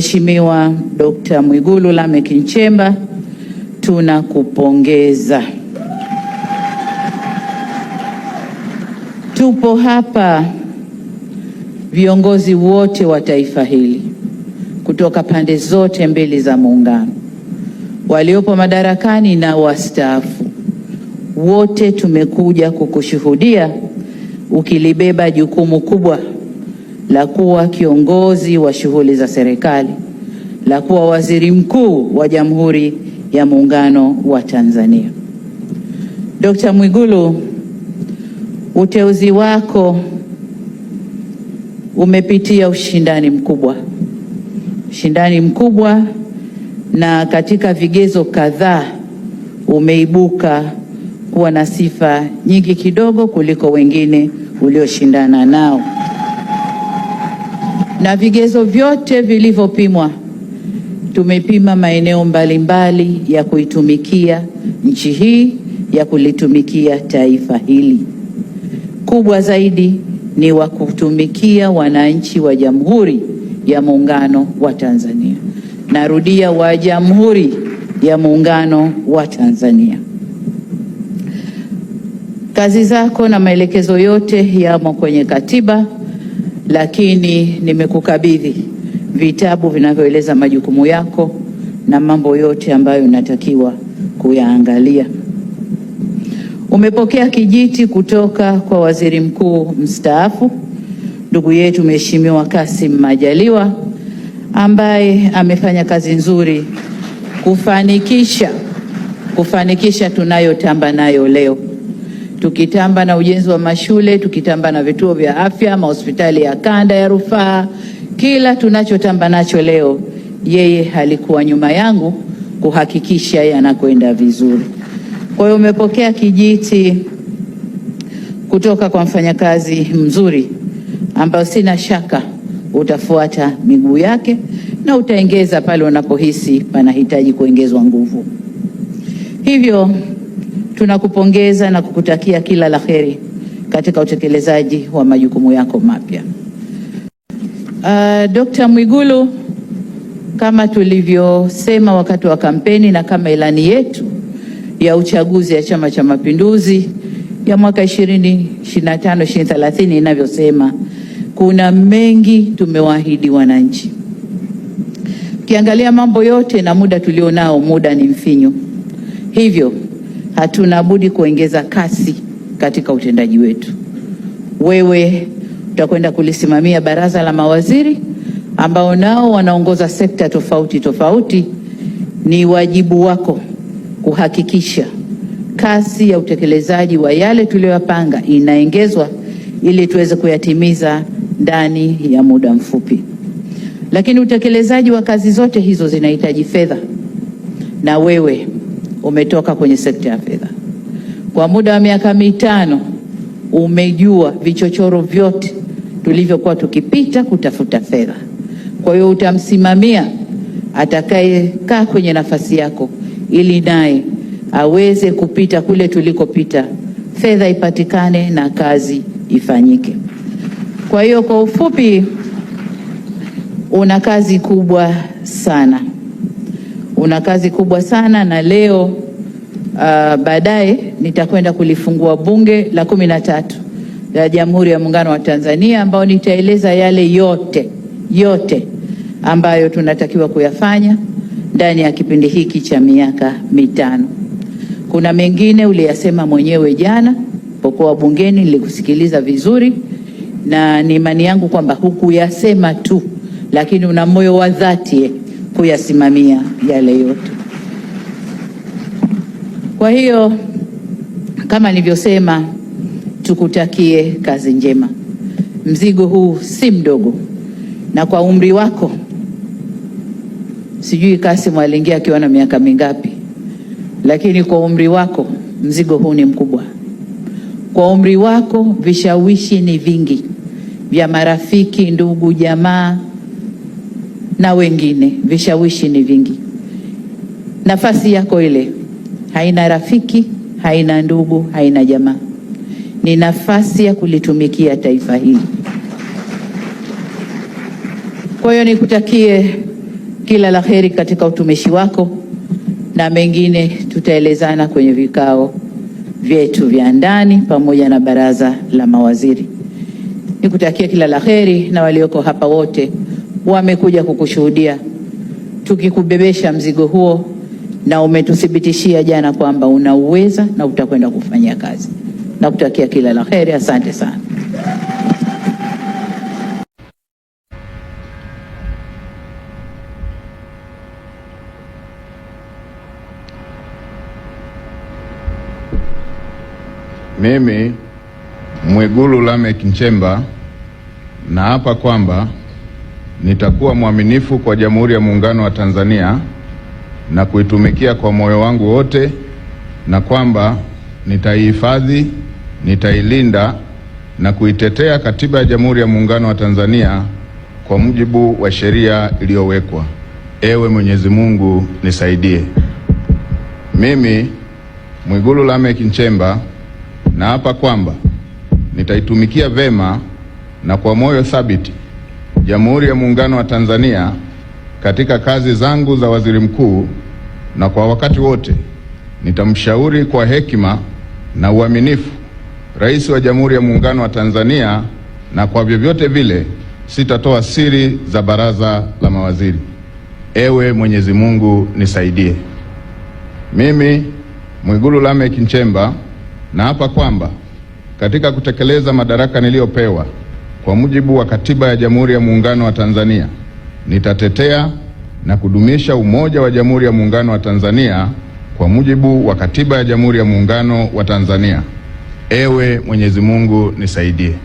Mheshimiwa Dr. Mwigulu Lameck Nchemba, tunakupongeza. Tupo hapa viongozi wote wa taifa hili kutoka pande zote mbili za muungano, waliopo madarakani na wastaafu, wote tumekuja kukushuhudia ukilibeba jukumu kubwa la kuwa kiongozi wa shughuli za serikali, la kuwa waziri mkuu wa Jamhuri ya Muungano wa Tanzania. Dkt. Mwigulu, uteuzi wako umepitia ushindani mkubwa, ushindani mkubwa, na katika vigezo kadhaa umeibuka kuwa na sifa nyingi kidogo kuliko wengine ulioshindana nao na vigezo vyote vilivyopimwa. Tumepima maeneo mbalimbali ya kuitumikia nchi hii, ya kulitumikia taifa hili. Kubwa zaidi ni wa kutumikia wananchi wa Jamhuri ya Muungano wa Tanzania. Narudia, wa Jamhuri ya Muungano wa Tanzania. Kazi zako na maelekezo yote yamo kwenye katiba lakini nimekukabidhi vitabu vinavyoeleza majukumu yako na mambo yote ambayo inatakiwa kuyaangalia. Umepokea kijiti kutoka kwa Waziri Mkuu mstaafu ndugu yetu Mheshimiwa Kassim Majaliwa ambaye amefanya kazi nzuri kufanikisha kufanikisha tunayotamba nayo leo tukitamba na ujenzi wa mashule, tukitamba na vituo vya afya, mahospitali ya kanda ya rufaa, kila tunachotamba nacho leo, yeye alikuwa nyuma yangu kuhakikisha yanakwenda vizuri. Kwa hiyo umepokea kijiti kutoka kwa mfanyakazi mzuri ambayo sina shaka utafuata miguu yake na utaongeza pale unapohisi panahitaji kuongezwa nguvu. Hivyo tunakupongeza na kukutakia kila la heri katika utekelezaji wa majukumu yako mapya. Uh, Dr. Mwigulu, kama tulivyosema wakati wa kampeni na kama ilani yetu ya uchaguzi ya Chama cha Mapinduzi ya mwaka 2025 2030 inavyosema, kuna mengi tumewaahidi wananchi. Ukiangalia mambo yote na muda tulionao, muda ni mfinyu, hivyo hatuna budi kuongeza kasi katika utendaji wetu. Wewe utakwenda kulisimamia baraza la mawaziri ambao nao wanaongoza sekta tofauti tofauti. Ni wajibu wako kuhakikisha kasi ya utekelezaji wa yale tuliyoyapanga inaongezwa ili tuweze kuyatimiza ndani ya muda mfupi. Lakini utekelezaji wa kazi zote hizo zinahitaji fedha, na wewe umetoka kwenye sekta ya fedha. Kwa muda wa miaka mitano umejua vichochoro vyote tulivyokuwa tukipita kutafuta fedha. Kwa hiyo utamsimamia atakayekaa kwenye nafasi yako ili naye aweze kupita kule tulikopita, fedha ipatikane na kazi ifanyike. Kwa hiyo kwa ufupi, una kazi kubwa sana una kazi kubwa sana na leo uh, baadaye nitakwenda kulifungua bunge la kumi na tatu la Jamhuri ya Muungano wa Tanzania ambao nitaeleza yale yote yote ambayo tunatakiwa kuyafanya ndani ya kipindi hiki cha miaka mitano. Kuna mengine uliyasema mwenyewe jana pokuwa bungeni, nilikusikiliza vizuri, na ni imani yangu kwamba hukuyasema tu, lakini una moyo wa dhati kuyasimamia yale yote. Kwa hiyo kama nilivyosema, tukutakie kazi njema. Mzigo huu si mdogo, na kwa umri wako, sijui Kassim aliingia akiwa na miaka mingapi, lakini kwa umri wako mzigo huu ni mkubwa. Kwa umri wako vishawishi ni vingi vya marafiki, ndugu, jamaa na wengine. Vishawishi ni vingi. Nafasi yako ile haina rafiki, haina ndugu, haina jamaa, ni nafasi ya kulitumikia taifa hili. Kwa hiyo nikutakie kila la heri katika utumishi wako, na mengine tutaelezana kwenye vikao vyetu vya ndani pamoja na baraza la mawaziri. nikutakie kila la heri na walioko hapa wote wamekuja kukushuhudia tukikubebesha mzigo huo, na umetuthibitishia jana kwamba unauweza na utakwenda kufanya kazi. Nakutakia kila la heri, asante sana. Mimi Mwigulu Lameck Nchemba naapa kwamba Nitakuwa mwaminifu kwa Jamhuri ya Muungano wa Tanzania na kuitumikia kwa moyo wangu wote, na kwamba nitaihifadhi, nitailinda na kuitetea Katiba ya Jamhuri ya Muungano wa Tanzania kwa mujibu wa sheria iliyowekwa. Ewe Mwenyezi Mungu nisaidie. Mimi Mwigulu Lameck Nchemba naapa kwamba nitaitumikia vema na kwa moyo thabiti Jamhuri ya Muungano wa Tanzania katika kazi zangu za waziri mkuu, na kwa wakati wote nitamshauri kwa hekima na uaminifu Rais wa Jamhuri ya Muungano wa Tanzania, na kwa vyovyote vile sitatoa siri za baraza la mawaziri. Ewe Mwenyezi Mungu nisaidie. Mimi Mwigulu Lameck Nchemba naapa kwamba katika kutekeleza madaraka niliyopewa kwa mujibu wa Katiba ya Jamhuri ya Muungano wa Tanzania, nitatetea na kudumisha umoja wa Jamhuri ya Muungano wa Tanzania kwa mujibu wa Katiba ya Jamhuri ya Muungano wa Tanzania. Ewe Mwenyezi Mungu nisaidie.